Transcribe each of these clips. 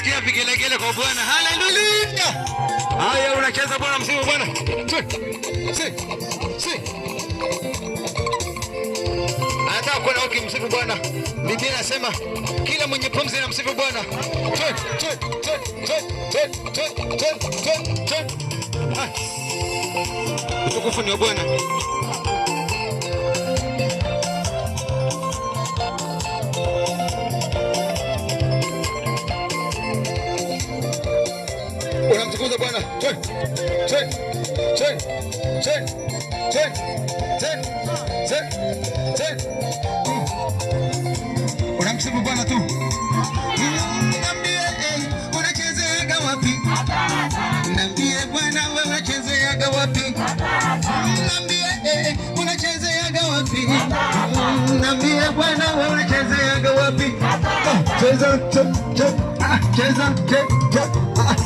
Nasikia vigelegele kwa Bwana. Haleluya! Haya, unacheza Bwana msimu Bwana. Bwana. Biblia inasema kila mwenye pumzi anamsifu Bwana. Utukufu ni wa Bwana. unamtukuza Bwana. Unamsifu Bwana tu. Niambie, eh, unachezeaga wapi? Niambie Bwana, wewe unachezeaga wapi? Niambie, eh, unachezeaga wapi? Niambie Bwana, wewe unachezeaga wapi? Oh, cheza, cheza, cheza, ah, cheza, cheza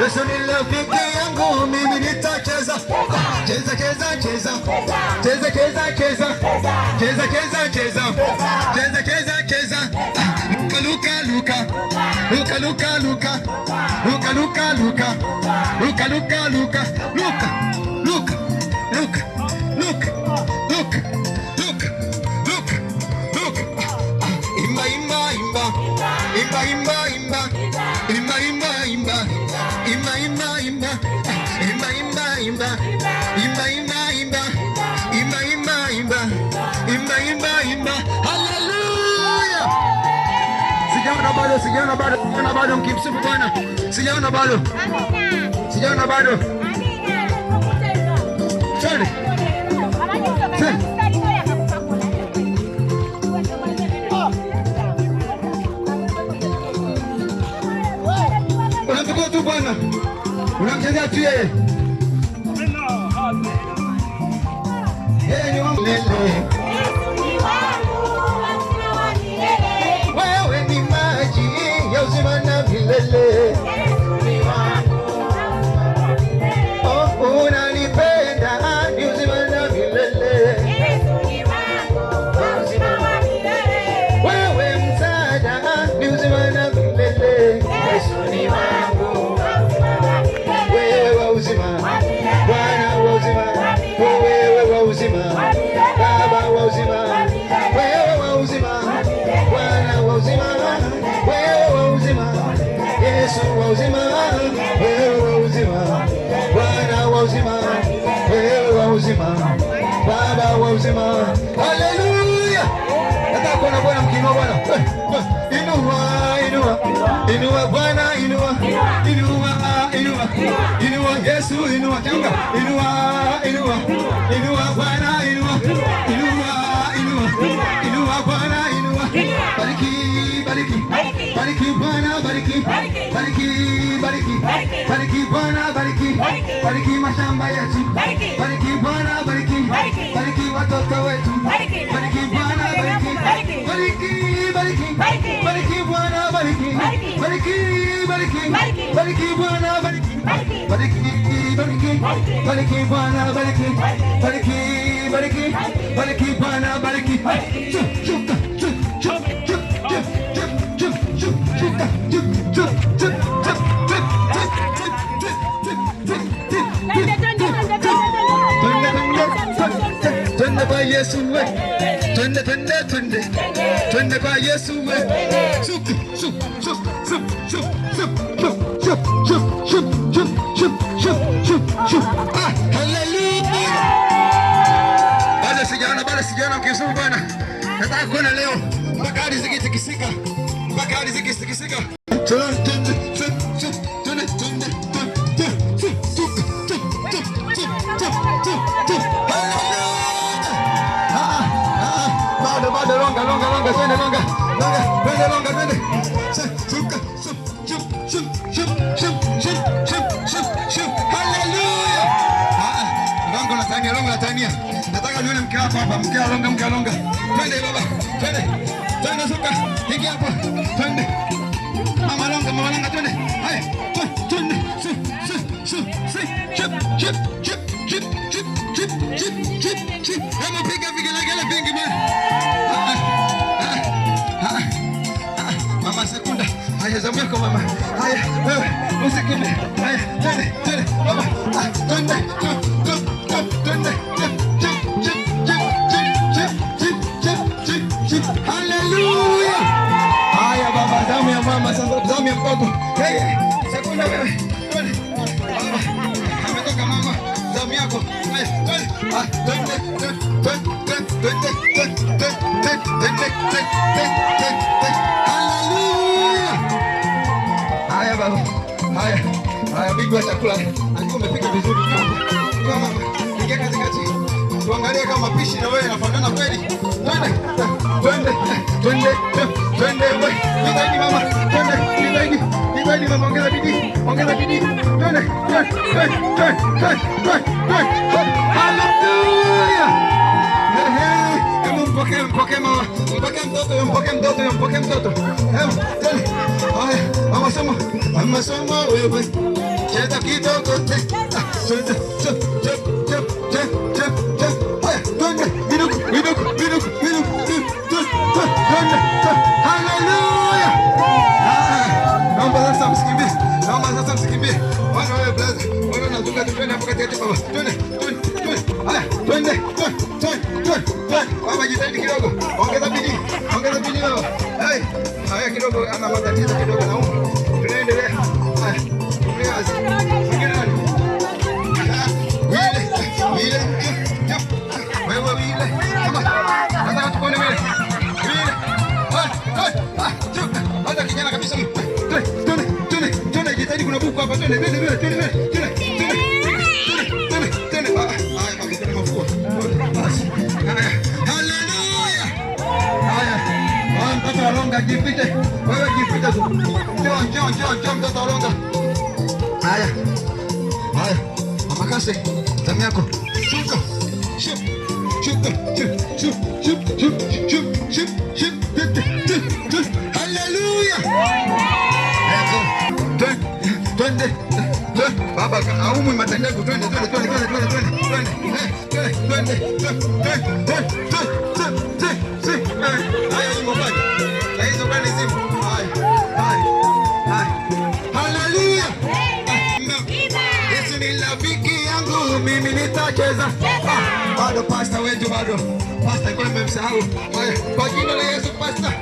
Yesu nilafiki yangu mimi nitacheza cheza cheza cheza cheza cheza cheza cheza cheza cheza cheza cheza cheza luka luka luka luka luka luka luka luka luka luka luka luka luka Sijaona bado, sijaona bado, sijaona bado, mkimsifu Bwana. Sijaona bado. Amina. Sijaona bado. Amina. Twende. Twende. Unamtukua tu Bwana. Unamchezea tu yeye. Amina. Amina. Yeye ni wangu. uzima, Bwana wa uzima. Haleluya! Nataka Bwana Bwana. Inua, inua, inua Bwana, inua, inua, inua, inua Yesu, inua changa, inua, inua, inua Bwana, inua, inua, inua, inua Bwana, inua. Bariki, bariki, bariki Bwana, bariki, bariki, bariki, bariki Bwana, bariki, bariki mashamba yetu, bariki bariki bariki bariki bariki bwana bariki bariki bariki bariki bwana bariki bariki bariki bariki bwana bariki chuka Tunde by Yesuwe, Tunde Tunde Tunde, Tunde by Yesuwe. Bado Nataka kuona leo mpaka zikitikisika, mpaka zikitikisika. Nataka nione mke wako hapa, mke alonga, mke alonga. Twende baba, twende. Twende suka, ingia hapa. Twende. Mama alonga, mama alonga, twende. Haya, twende. Si, si, si, si. Chip, chip, chip, chip, chip, chip, chip, chip, chip. Hebu piga vigelegele vingi bwana. Haya, zamu yako mama. Haya, wewe usikime. Haya, twende, twende mama. Twende, twende, twende. Haleluya. Haya baba, zamu ya mama sasa, zamu ya mtoto. Hey, sekunda wewe. Twende. Baba, ametoka mama. Zamu yako. Haya, twende. Twende, twende, twende, twende, twende, twende, twende, twende, twende. Haya, haya, bibi chakula akiwa umepika vizuri, ingia katikati, tuangalie kama pishi na wewe inafanana kweli. Twende, twende, twende. Cheza kidogo Baba jitahidi kidogo, ongeza bidii, ongeza bidii baba. Haya kidogo, ana matatizo kidogo. jipite, wewe jipite tu. Njoo, njoo, njoo, njoo mtoto Olonga. Haya. Haya. Mama Kase, zamu yako. Shuka. Shuka. Shuka. Shuka. Shuka. Shuka. Shuka. Shuka. Shuka. Haleluya. Twende. Twende. Baba, aumu matendeko. Twende, twende, twende, twende, twende, twende. Twende. Twende. Twende. Twende. Twende. Twende. Twende. Twende. bado pasta kwa mmemsahau. Haya, kwa jina la Yesu pasta,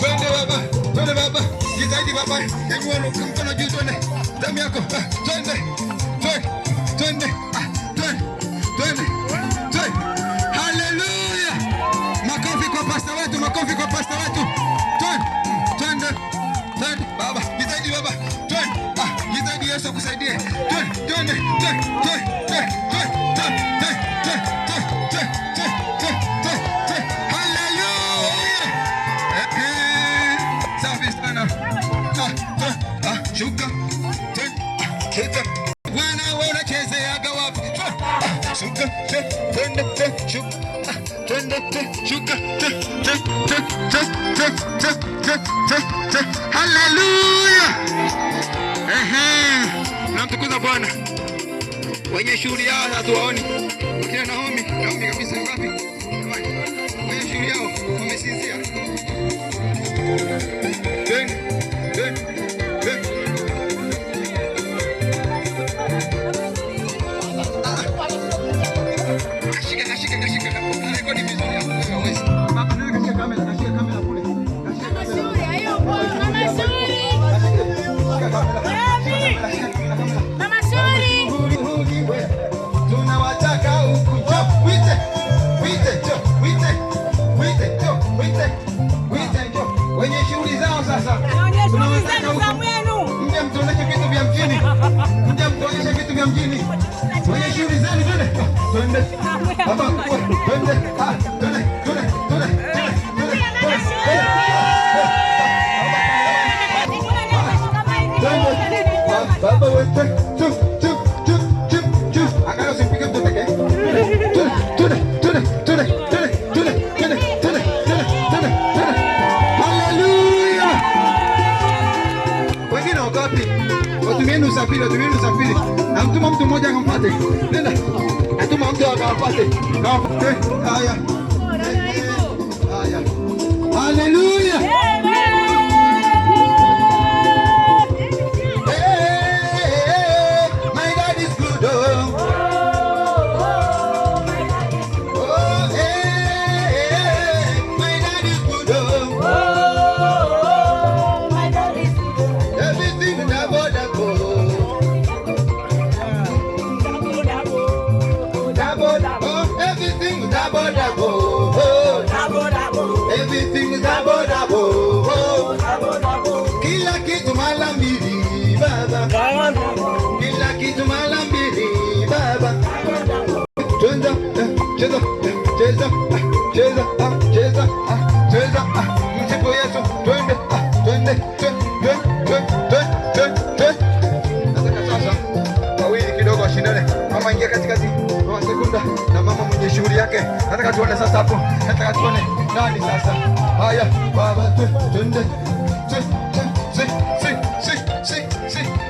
twende baba, twende baba, jitahidi baba, nyanyua mkono juu, twende damu yako, ah, twende twende twende ah, twende twende, haleluya! Makofi kwa pasta wetu, makofi kwa Haleluya, namtukuza Bwana. Wenye shughuli yao hatuwaoni, wakina Naomi, Naomi kabisa, wapi wenye shughuli yao wamesinzia. duende, duende, tumieni usafiri, tumieni usafiri. Namtuma mtu mmoja akampate, nenda natuma mtu akawapate. Haya, haya, haleluya.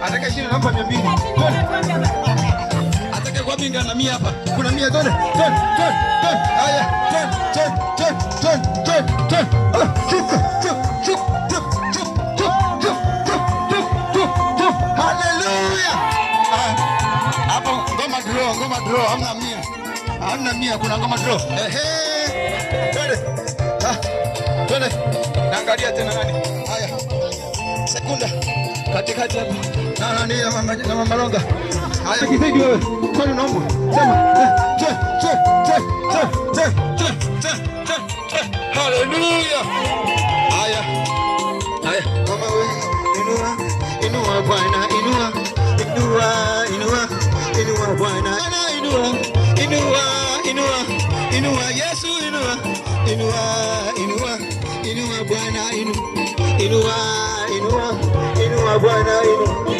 Ataka shina namba mia mbili ataka kwa binga na mia hapa, kuna mia tone tone tone tone, haya tone tone tone tone tone tone, chuka chuka chuka Draw, ngoma draw, hamna mia, hamna mia, kuna ngoma draw. Ehe, twende. Ah, twende. Naangalia tena nani? Haya. Sekunda. Katikati hapa. Na nani ya mama na mama longa. Haya. sikifiki wewe. Kwani unaomba? Sema. Che, che, che, che, che, che, che, che, che. Hallelujah. Haya. Haya. Mama wewe inua inua Bwana buena y no